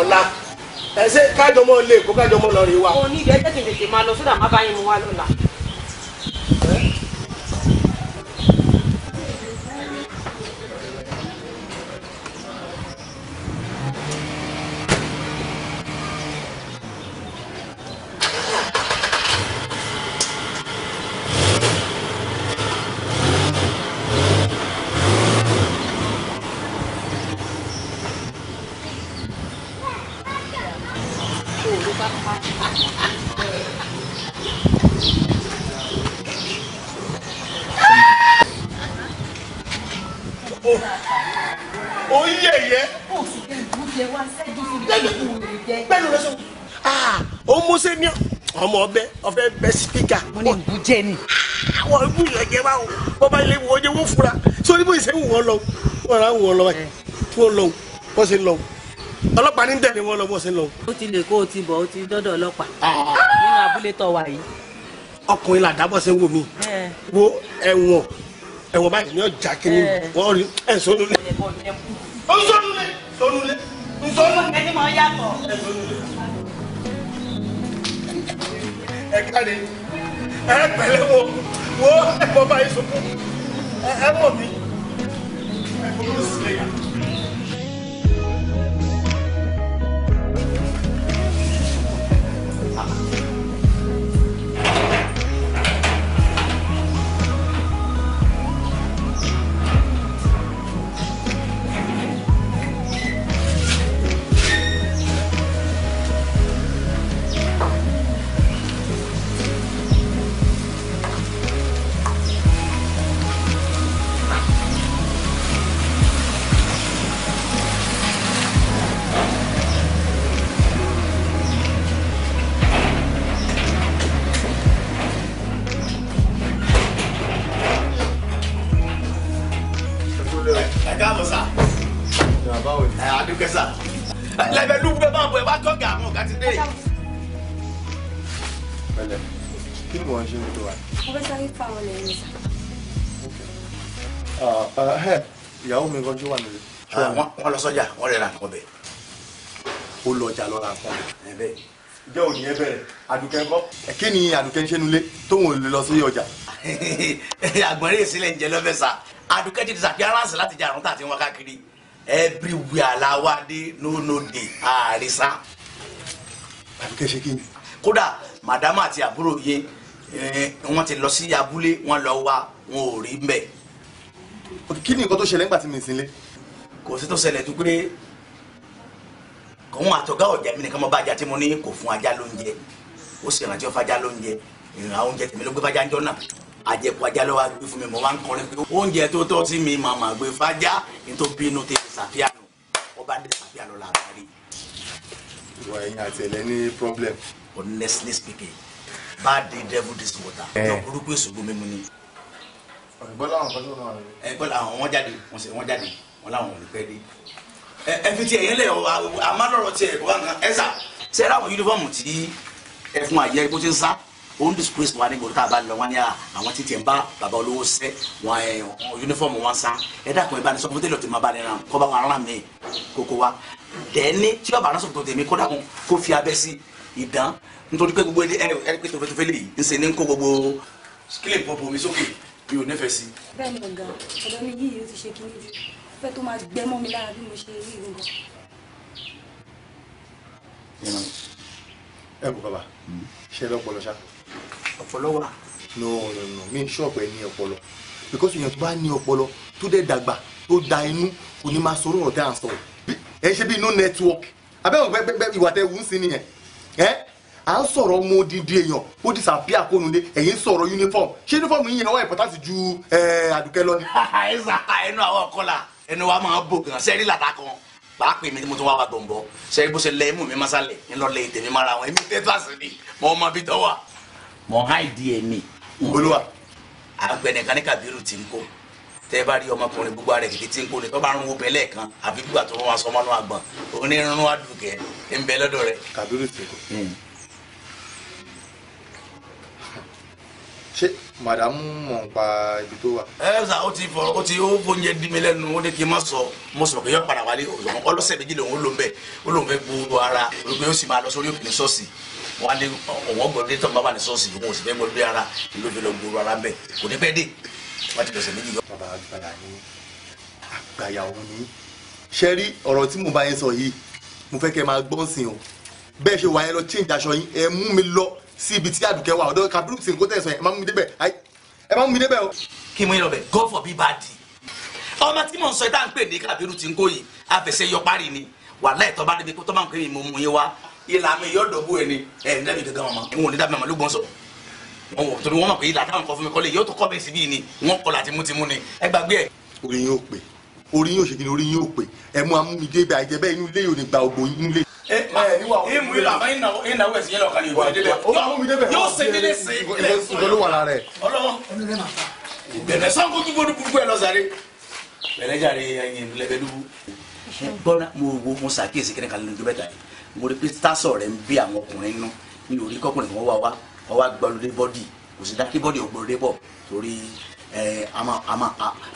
ọ̀la ẹ ṣe kájọmọ lè kó kájọmọ lọ rí wa. òní ìdẹ́jẹ́ kìí máa lọ sódà má bá yín mu wá lọ́la. spika. mo ní ìbú jẹ ni. àwọn ìbú yẹn jẹ báwo bọba ilé wo ọjọ wo fura sórí bó ìṣe wù wọn lọ wọn rà wù wọn lọ báyìí tí lọ wọn sì lọ ọlọ́pàá ní tẹ̀lé wọn lọ bó ṣe lọ. ó ti lè kó o ti bọ̀ ó ti dọ́dọ̀ ọlọ́pàá ah. nínú abúlé tó wà yìí. ọkùnrin làdábọ̀ ṣe ń wò eh. wo ẹ̀wọ̀n ẹ̀wọ̀n báyìí ni ọjà kìíní eh. wọ́n rí ẹ̀ sọ́nulẹ̀. ó sọ́nulẹ̀ sọ́nulẹ̀ sọ́nulẹ̀. ẹni mọ̀ yàtọ̀ ẹ káre ẹ wo wo ẹ bọ́ báyìí sọkún ẹ mọ̀ mi ẹ kò ní sílẹ̀ yẹn bẹ́ẹ̀ ìjọ òní yẹn bẹ̀rẹ̀ àdùkẹ́ ńkọ́. kí ni àdùkẹ́ ń ṣe nulẹ̀ tóun ò lè lọ sí ọjà. àgbọ̀nrín ìsílẹ̀ ń jẹ lọ́fẹ̀ẹ́ sá àdùkẹ́ ti disappearance láti jẹ àrùn tàti wọn káàkiri everywhere làwádé no no dey àrísá. àdùkẹ́ ṣe kí ni. kódà màdámà àti àbúrò yé wọn ti lọ sí abúlé wọn lọ wá wọn ò rí mbẹ. kí ni nǹkan tó ṣẹlẹ̀ nígbà tí mi ì kòun àtọ̀gá ọ̀jà mi nìkan mọ́ bá ajá tí mo ní kò fún ajá lóúnjẹ ó sì rántí ọ̀fà ajá lóúnjẹ ìrìn oúnjẹ tèmi ló gbé fájá ń náà àjẹkù ajá ló wá fún mi mo wá ń kọrin pé oúnjẹ tó tọ́ sí mi màmá gbé fájá ní tó bínú tèmi sàfíànù ọba ní sàfíànù là bá rí. ìwà ẹ̀yin àti ẹ̀lẹ́ ní problem. honestly speaking bad day devil this water yọ eh. burúkú ìṣòro mímu ni. ẹ̀gbọ́n làwọn kan ẹ fi ti ẹ̀yẹ́ lẹ̀ amálọ̀rọ̀ tiẹ̀ wá nǹkan ẹ sà ṣe ra àwọn yunifọ́ọ̀mù tí ẹ fún àyẹ bó ti ń sá òun disgrace wa a bá lọ wọn ní ah, àwọn títí ẹ ń bá bàbá olówó sẹ wọn ẹ yunifọ́ọ̀mù wọn sá ẹ dàpọ̀ ẹ bá ní sọ o tẹ́lẹ̀ tó máa bá ní ra kọ́ bá wọn rán mi kókó wa dẹ́ni tí ọba aránsọ̀ tó tẹ̀mí kó dàkún kó fi abẹ́ sí ìdán nítorí pé gbogbo ẹ ẹ pé tofẹ́tofẹ́ lè ń ṣe ní kó gbogbo kílè pọ̀pọ̀ mi sókè mi ò nífẹ̀ẹ́ sí. bẹ́ẹ̀ ni ọ̀gá mi yìí yóò ti ṣe kí ní jù fẹ́ tó máa gbẹ mọ́ mi lára bí mo ṣe rí nǹkan. ẹ kú bàbá ṣe lọ́pọlọ ṣá. ọpọlọ wà. no no no mi ń ṣọ́ọ̀pù ẹ ní ọpọlọ because èèyàn tó bá ní ọpọlọ tó dẹ̀ dàgbà tó da inú kò ní máa sọ̀rọ̀ ọ̀dà àǹsọ̀ ẹ ṣe bí no network abẹ́wò pẹ́pẹ́pẹ́ ìwà tẹ wù ú sí nìyẹn ẹ́ à ń sọ̀rọ̀ ọmọ odidi èèyàn ó ti sàbí àkónulé ẹ̀yìn sọ̀rọ̀ uniform ṣé uniform yìí yẹn wá ìpọ́tàsì ju àdùkẹ́ lọ ni. àìsàn àìnú àwọn ọkọ la ẹnu wa máa bò gan sẹ́rí làtà kan pàápàá mi ni mo tún wá wa gbọ̀ngbọ̀ sẹ́rí bó ṣe lẹ́ mú mi masalẹ̀ ńlọlẹ̀ ètè mi mara wọn èmi tẹ́ tó ni mo mọ bí tọ́wà mo há ìdí ẹ̀ mi. olúwa àgbẹ̀nìkan ní kàbírù ti ń kó tẹ́ bá rí ọmọkùnrin gbogbo rẹ̀ kìkì tí ń kó ni tọ́ba ń wo bẹ́lẹ̀ kan àfi gbígbà tó wọn sọmọ́nú àgbọ̀n onírúurú àdùnkẹ́ ń bẹ lọ́dọ̀ rẹ̀. kàbírù ti ń kó. Hmm. ṣé màdàmú mọ̀ nípa ibi tó wà. ẹ ṣá ó ti fọ ó ti ó fóúnjẹ dí mi lẹ́nu ó ní kí n má sọ mo sọ pé yọ padà wálé òṣùwọ̀n ọlọ́sẹ̀ méjì lòun ló ń bẹ ó lòun fẹ́ gbogbo ara olùgbé ó sì máa lọ sórí òkè ṣọ́ọ̀ṣì wọn ní ọwọ́ gbọ́dọ̀ tó ń bá wà ní ṣọ́ọ̀ṣì òun ò sì fẹ́ gbọ́dọ̀ ara ló fi lọ gbogbo ara bẹ́ẹ̀ kò ní pẹ́ dé wọ́n ti lọ́sẹ̀ méjì yọ. bàbá àgbàyà ni àgbàyà òun ni ṣe rí ọ̀rọ̀ tí mo bá yẹn sọ yìí mo fẹ́ kẹ́ máa gbọ́n sìn o bẹ́ẹ̀ ṣe wà yẹn lọ change aṣọ yín ẹ mú mi lọ sí ibi tí àdùkẹ́ wà ọ̀dọ̀ Kabiru sì ń kó tẹ̀sán ẹ̀ máa mú mi débẹ̀ ẹ máa mú mi débẹ̀ o. kí mo yẹ ọbẹ̀ god for be bá di ọmọ tí mò ń sọ ẹ tá à ń pè ní Kabiru ti ń kó yìí àfẹsẹ̀ yọ parí ni wàhálà ìtọ́ bá débi tó máa ń pè mí mo mú yín wá ìlànà ìyọ́dọ̀bù ẹni ẹ̀ ń dábì gẹ́gẹ́ ọmọ ìwọ̀n ní dábì màmá ló gbọ́n sọ wọn wò torí wọn mọ̀ pé ìlà táwọn kan fún mi kọ́lé yóò tó kọ́ bẹ́ẹ̀ síbí ni wọn kọ́ láti orí yóò ṣe kí ni orí yóò pè ẹ mú amúmidé bẹ àìjẹ bẹ́ẹ̀ inú ilé yóò ní gba ògbó inú ilé. ẹ ẹ ìmú ìlà máa ń náwó ẹ náwó ẹsìn yẹn lọ kàlẹ ìwà ìdílé yóò ṣe dédé ṣe ilé ìfún ìgbẹ́ olúwa la rẹ. ọlọ́wọ́ bẹ̀rẹ̀ sango dúgbò dúgbò ẹ lọ́sàrẹ́ bẹ̀rẹ̀ jàre ẹyin lẹ́bẹ̀ dúgbò. bọ́lá mo wo mo ṣàkíyèsí kẹ́ni kalẹ́ lójú bẹ́ta yìí mo rí pé tásọ̀ rẹ̀ ń bí àwọn ọkùnrin nú mi ò rí kọ́kùnrin kan wá wá wá gbọ́lódé bọ́dì kò sí dákí bọ́dì ògbólódé bọ̀ torí àmọ́ àmọ́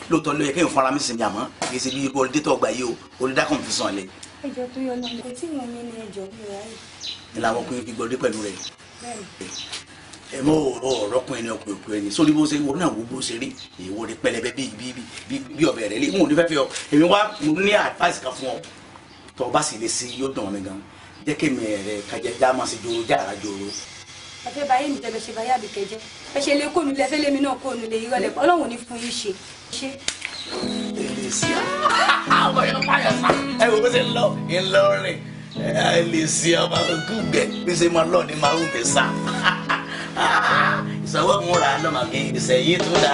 lóòótọ́ ló yẹ kéèyàn fúnra mi sinmi àmọ́ kì í ṣe bí irú olùdé tó gbà yìí o olùdá kan fi sàn lé. ẹjọ tó yọ lọ kò tí wọn ní ní ẹjọ mi ráyè. ìlà àwọn ọkùnrin fi gbọdé pẹ̀lú rẹ̀. ẹ mọ ọ̀rọ̀ ọrọkùnrin ni ọkùnrin òkú ẹni sórí bó ṣe wọn náà wo bó ṣe rí èèwọ rẹ pẹlẹbẹ bí bí bí bí ọbẹ rẹ lé wọn ò ní fẹ́ fi ọ èmi wá mo ní advice kan fún ọ tọ́ ọ bá sì lè ṣe yóò dàn ọ gan jẹ́ kémi rẹ kájẹ́ já máa ṣe jòrò já jòrò ẹ fẹ́ báyé mi jẹ́ ṣe báyé àbíkẹ́ jẹ́ ẹ ṣe lé kóònù lẹ́fẹ́ lémi náà kóònù lè yọ lẹ́pọ̀ ọlọ́run ní fún yín ṣe. àwọn èèyàn pààyàn sá ẹ wò ó ṣe ń lọ ìlọrin ẹ lè ṣe ọmọ gúgbẹ bí ṣe máa lọ sá ìsọwọ́ múra lọ́mọ kí ìṣẹ̀yí tún dá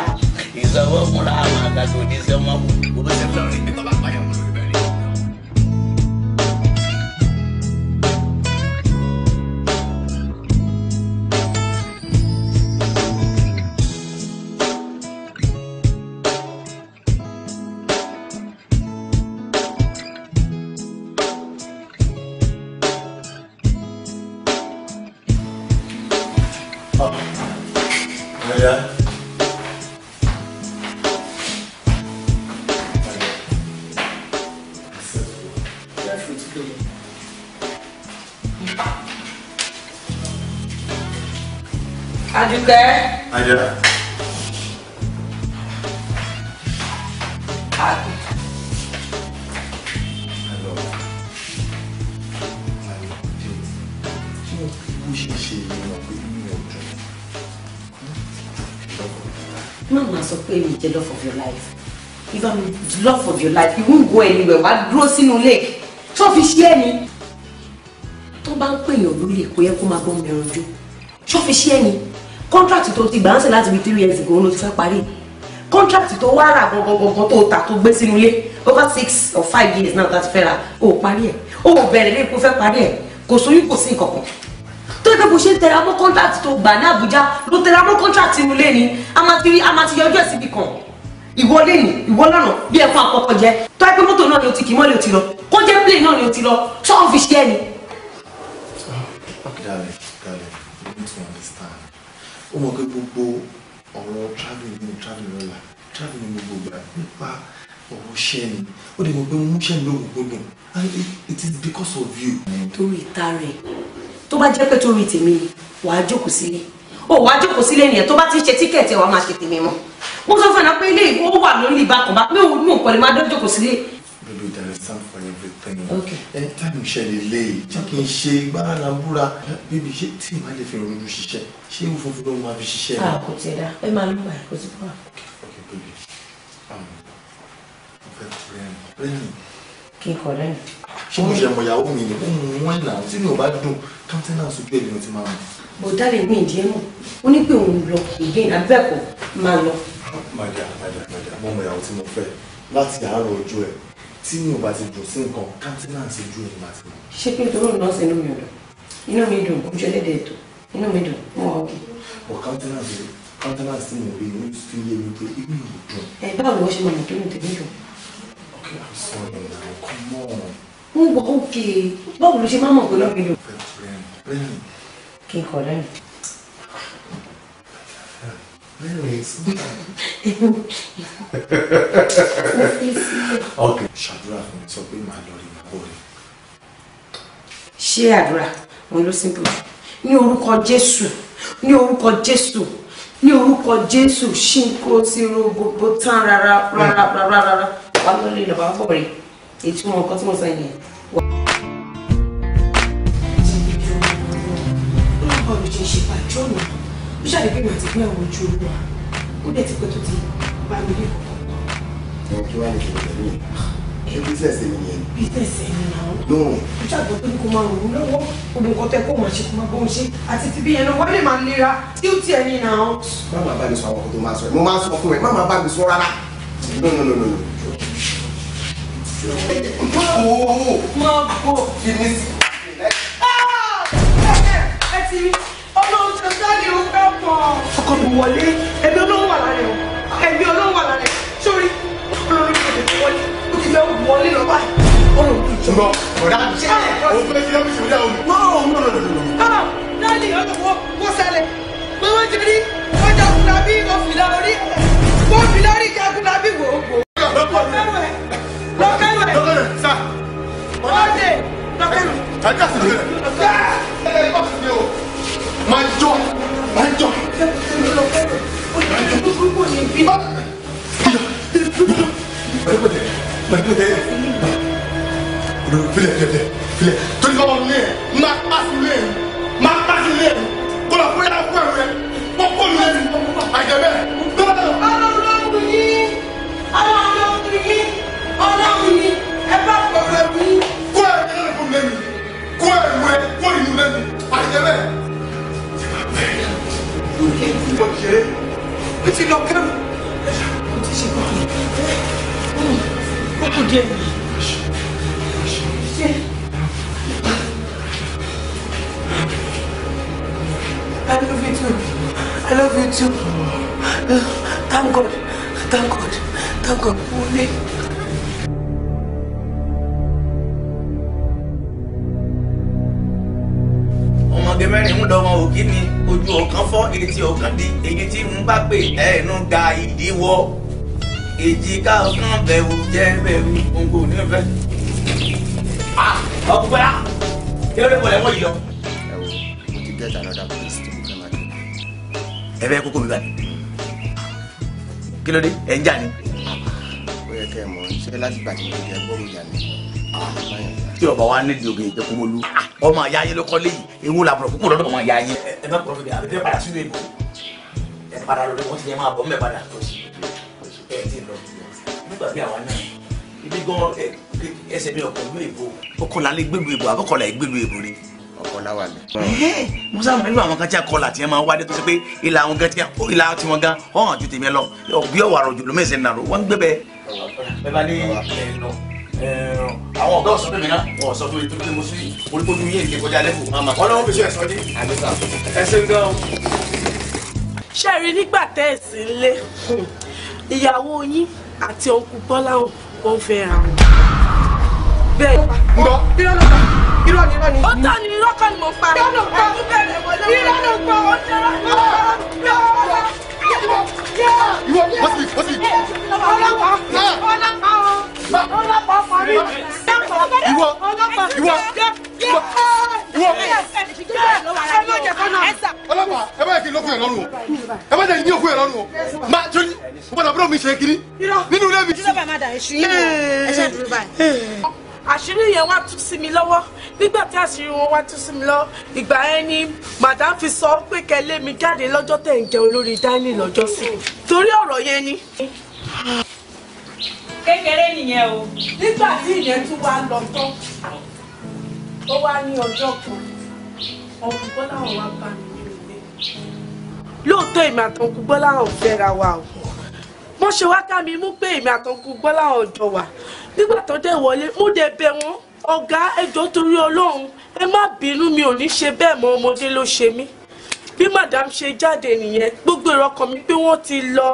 ìsọwọ́ múra àwọn àgbàgbọ́ ní sẹ́wọ́n ó ṣe lọ́rin nígbà bá pààyàn. Yeah. Mama sọ pé mi the love of your life. If I'm love of your life, you won't go anywhere. Wàá dúró sínú lake. Tó fi ṣe ẹni. Tó bá ń pèèyàn lólè kò yẹ kó máa bọ́ mi ẹran jó. Tó fi ṣe ẹni contract tó ti gbà ń sìn láti bí three years ago ló ti fẹ́ parí contract tó wá rà gangan tó tà tó gbé sínú ilé over six or five years náà láti fẹ́ ra o ò parí ẹ̀ o ò bẹ̀rẹ̀ lé kó fẹ́ parí ẹ̀ kò sóyún kò sí nǹkankan tó yẹ pé bó ṣe ń tẹra mọ́ contract tó gbà ní Àbújá ló tẹra mọ́ contract inú ilé ni a máa ti a máa ti yọjú ẹ̀ síbi kan ìwọ lé ní ìwọ lọ́nà bí ẹ̀fọn àkọ́kọ́ jẹ tó yẹ pé mọ́tò náà ni o ti kì í mọ́lẹ̀ o ti lọ kó jẹ́ plane náà ni o ti lọ tó ń fi ṣe ó mọ̀ pé gbogbo ọ̀rọ̀ traveling ní traveling lọ́la traveling gbogbo gbà nípa ọ̀rọ̀ iṣẹ́ ni ó dẹ̀ mọ̀ pé mo mú iṣẹ́ mi lóògùn gbọ́dọ̀ and it is because of you. torí ìta rẹ̀ tó bá jẹ́ pé torí tèmi wàá jókòó sílé ó wàá jókòó sílé nìyẹn tó bá ti ṣe tíkẹ̀ẹ̀tì wàá máa ṣe tèmi mọ́ mo sọ fún ẹ náà pé ilé ìwọ wà lórí ìbákan bá pé òun mú nǹkan lè má dọ́jọ́kòó sílé thank for everything. okay ẹni táìmù ìṣẹ̀lẹ̀ léyìí jẹ́ kí n ṣe gbára la búra bíbi ṣé tí màá lè fi ronú ṣiṣẹ́ ṣé n funfun ló máa fi ṣiṣẹ́ rẹ̀. Ah, kò tiẹ̀ dá ẹ máa ló wà kó okay baby um, mo fẹ́ rẹ́rìn rẹ́rìn. kí n kọ rẹ́rìn. ṣé mo ṣe mọ̀ ìyàwó mi ni ó mú wọn náà tí mi ò bá dùn countenance ojú ẹ̀mí ti máa mú. bọ̀dá lè mí ìdí ẹ̀ mọ̀ ó ní pé òun lọ again abẹ́ẹ̀kọ́ máa lọ. màdà màdà màdà mọ́mọ́ ìyàwó tí mo fẹ́ láti àárọ̀ ojú tí mi ò bá ti dùn sí nǹkan countenance ojú ẹ̀ máa ti mọ̀. ṣé pé torí òun náà ṣe inú mi ò dùn inú mi dùn ojú ẹlẹ́dẹ̀ẹ́ tó inú mi dùn mo wà òkè. ọ̀ countenance countenance tí mo rí ní fi yé mi pé inú mi ò dùn. ẹ báwo ni wọ́n ṣe máa mọ̀ tó ní tèmi dùn. ok i'm sorry now come on. ń gbọ́ òkè báwo ló ṣe máa mọ̀ pé lọ́ọ́ mi dùn. kí n kọ̀ lẹ́yìn. Anyways. okay, ṣàdúrà fún mi sọ pé màá lọ rí màá bọ̀ rí. Ṣé àdúrà òun ló simple? Ní orúkọ Jésù, ní orúkọ Jésù, ní orúkọ Jésù, ṣí n kó sí ro gbogbo tán rárá rárá rárá rárá. Wàá lọ rí ìlọ́ba bọ̀ rí. Ìtumọ̀ nǹkan tí mo sọ yẹn. Báwo ló ṣe ṣe pàjọ́ náà? ó ṣàdé pé mi ti gbé àwọn ojú olúwa ó dẹ̀ ti pẹ́ tó ti bá mi rí kọ̀ọ̀kan. ẹ kí wàá ní kí n tẹ̀lé mi ṣé bísẹ̀sì mi yẹn. bísẹ̀sì mi náà. lóhùn. ó ṣàgbọ́ tó ní kó máa rùn lọ́wọ́ ogun kan tẹ kó máa ṣe kó máa bóun ṣe àti ti bí ẹnu wọlé máa lera tí ó tiẹ̀ ní náà. má máa bá mi sọ àwọn kan tó máa sọ ẹ mo máa sọ fún ẹ má máa bá mi sọ rárá. Ah! ẹ ti rí ni o fẹ́ pọ̀. ọkọ mi wọlé ẹbí olówó wà lára o ẹbí olówó wà lára sórí olórí kò tètè wọlé ó ti fẹ́ wọlé lọ báyìí ọ̀rọ̀ òkú jù. ǹbọ ọ̀dà ṣe o fẹ́ fi lọ́mísì wíjà omi. no no no no no. bàbá dáàdi ọlọ́wọ́ kó sálẹ̀ mọ́wọ́n jẹ́ rí ọjà kúlá lọ rí wọ́n fi lọ rí ìjà kúlá wò ó gbò. lọ́kẹ́rù ẹ̀ lọ́kẹ́rù ẹ̀ ọ̀dẹ̀ 이봐 Mwen kote, vile, vile, vile, toni kwa mwen mwen, mwen pasi mwen, mwen pasi mwen, kwa la fwe la fwe mwen, mwen kwa mwen, a gebe, kwa la fwe. Ala mwen mwen, kù díẹ̀ I love you too. I love you too. Thank God. Thank God. Thank God. Wọlé. ọmọge mẹ́rin ń lọ́wọ́ òkí ni ojú ọ̀kan fọ́ etí ọ̀kan di èyí tí ń bá pè ẹ̀ ń ga ìdíwọ́ èjìká ọkàn bẹ̀wò jẹ́ bẹ̀wò òǹkò ní ọ̀fẹ́. ọkùnrin a eré bọ̀lẹ̀ wọ́n yìí lọ. ẹ wo mo ti get another place tí mo fẹ́ máa dé. ẹ fẹ́ kókó mi bá mi kí ló dé ẹ ń jà ni. ó yẹ kẹ́ ẹ mọ̀ ṣé láti gbà tí mo jẹ gbọ́rù jà ni. Ah, tí ọba wa ní ìdíje ìjẹkùn ọmọ ìyá yín ló kọ́ ewu làbúrò púpọ̀ lọ́dọ̀ ọmọ ìyá yín. ẹ má kọ́ ẹ padà padà sí gbàgbé àwa náà ibi gan eh, ẹsẹ̀ mi ọkọ̀ gbé ìbò. ọkọlá lè gbélu ìbò àbọ̀kọlá yìí gbélu ìbò ni. ọkọlá wà lẹ. musa mọ irú àwọn kan tí a kọlà tí ẹ máa wáde tó ṣe pé ìlà àwọn gan tí a kó ìlà tiwọn gan ọ̀hún ju tèmi lọ bí ọ̀wà àrò jùlọ mẹ́sẹ̀ ń nàró wọ́n ń gbé bẹ́ẹ̀. àwọn ọ̀gá ọ̀sán bẹ̀rẹ̀ náà wọ́n sọ fún mi tó kí mo sí orípojú yé ìdí kọjá lẹ́kọ̀ọ́ ọlọ́wọ́ fi sí ẹ̀ sí ìyàwó yín àti ọkù bọ́lá wọn fẹ́ ra wọn. bẹ́ẹ̀ ni. irọ́ irọ́ ló ta irọ́ ni irọ́ ni. ó tọ́ ni irọ́ kan ni mo pa. irọ́ ló pa irọ́ ló pa ó jẹ́ra ló pa. ìwọ wọ́n sì wọ́n sì. ọlọ́pàá ọlọ́pàá ìwọ ìwọ ìwọ ìwọ ọlọ́pàá ẹ bá yẹ kí n lókun yẹn lọ́rùn o ẹ bá yẹ kí n yókun yẹn lọ́rùn o má tó ní o bọ̀dọ̀ àbúrò mi ṣe kiri nínú ilé mi. jíjọba máa dà ẹṣu yín wọ ẹṣẹ àdúró báyìí. àṣírí yẹn wá tú sí mi lọ́wọ́ nígbà tí àṣírí wọn wá tú sí mi lọ ìgbà yẹn ni màdá fi sọ pé kẹlẹ́ mi jáde lọ́jọ́ tẹ̀ ń jẹun lórí dání lọ́jọ́ sí torí ọ̀rọ̀ yẹn ni kékeré nìyẹn o. nígbà tí ìyẹn tún wá lọ tán ó wá ní ọjọ́ kan ọkùn gbọ́láhàn wá bá mi nínú ilé. lóòótọ́ èmi àtọkùn gbọ́láhàn fẹ́ra wa o mo ṣe wá ká mi mú pé èmi àtọkùn gbọ́láhàn jọ wà nígbà tó dé wọlé mo dé bẹ̀ wọ́n ọ̀gá ẹjọ́ torí ọlọ́run ẹ má bínú mi ò ní ṣe bẹ́ẹ̀ mọ́ ọmọdé ló ṣe mí bí madam ṣe jáde nìyẹn gbogbo èrò mi pé wọ́n ti lọ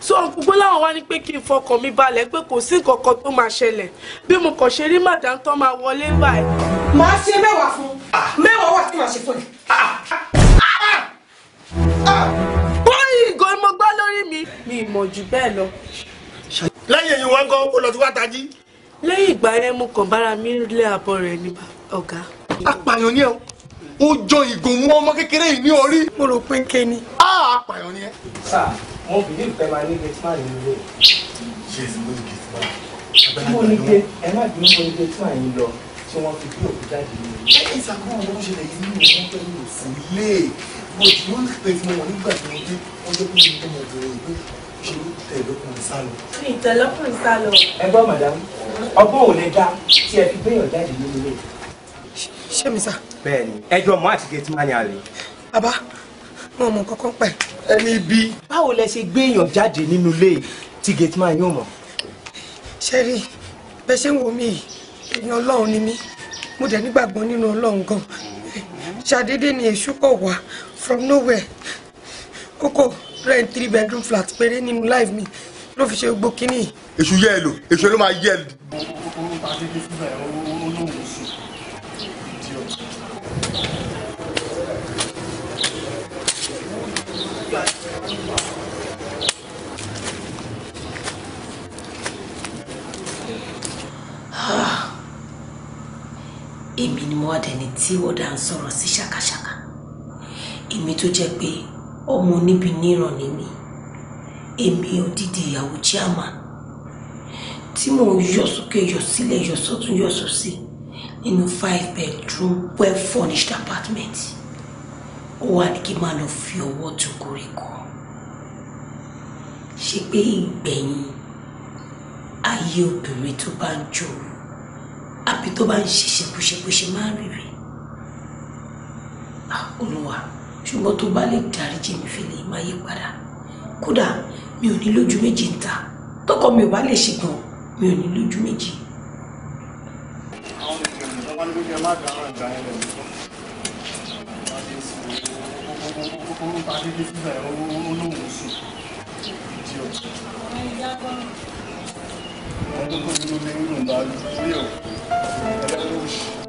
so gbogbo láwọn wá ní pé kí n fọkàn mi balẹ̀ pé kò sí nǹkan kan tó máa ṣẹlẹ̀ bí mo kàn ṣe rí màdá tán máa wọlé báyìí. màá ṣe mẹ́wàá fún ah. mẹ́wàá wà tí màá ṣe fún ẹ. Ah. Ah. bóyá ìgò mo gbọ́ lórí mi mi ìmọ̀ jù bẹ́ẹ̀ lọ. lẹ́yìn èyí wọ́n ń gan ó lọ sí wá tají. lẹ́yìn ìgbà yẹn mo kàn bára mi lé àbọ̀ rẹ̀ ní ọ̀gá. apààyàn ni ẹ ó jọ ìgò mú ọmọ kékeré yìí ní orí. mo rò pé ń ké ni. apààyàn ni ẹ mo bìlí ìfẹ́ máa ní gateman yìí lọ. ṣé èsì mo ní gateman. mo ní gate ẹ má bínú mo ní gateman yìí lọ tí wọ́n fi bí òkú jáde ní. ẹ ẹ ṣàkóso wọn ló ṣẹlẹ̀ yìí nínú wọn pẹ̀lú òfúlé mo ti ló ń pè fún wọn nígbà tí wọ́n dé wọ́n dé kúrò nígbà mọ̀ bẹ̀rẹ̀ ìgbé ṣe ló tẹ̀lọ́kùnrin sálọ. ìtẹ̀lọ́kùnrin sálọ. ẹ gbọ́ madam ọgbọ́n ò wọn mọ kankan pẹ. ẹni bí. báwo lẹ ṣe gbé èèyàn jáde nínú ilé tí gateman yóò mọ. ṣẹ́rí bẹ́ẹ̀ ṣe ń wo mi yìí èèyàn ọlọ́run ni mí mo dẹ̀ nígbàgbọ́ nínú ọlọ́run gan ṣàdédé ni èṣù kọ̀ wá from nowhere ó rent three bedroom flat péré nínú life mi ló fi ṣe gbó kínní. èṣù yẹ ẹ lò èṣù ló máa yẹ ẹ lò. èmi ni mo wá dẹni tí wọ́n dá ń sọ̀rọ̀ sí ṣàkàṣàkà èmi tó jẹ́ pé ọmọ níbi níran ni mi èmi òdìdí ìyàwó chairman tí mò ń yọ sókè yọ sílẹ̀ yọ sọ́tún yọ sósì nínú five bedroom well furnished apartment ó wà ní kí máa lọ fi ọwọ́ tó koríko ṣe pé ìgbẹ̀yìn ayé obìnrin tó bá ń jó àbí tó bá ń ṣe ṣekúṣekúṣe máa ń rírì ah, olùwà ṣùgbọ́n tó bá lè dáríjì mi fi lè máa yí padà kódà mi ò ní lójú méjì ń ta tọkọ mi ò bá lè ṣe gan mi ò ní lójú méjì. àwọn ènìyàn wọn ní kí ẹ má dáhùn ìdáhùn ẹ̀ lẹ́yìn. orun ta dédé síbẹ̀ olóhùn sùn ìdí ọ̀tún. ẹni tó ní ló lé nínú ìdájọ́ sílẹ̀ ọ̀ ẹlẹ́wọ̀n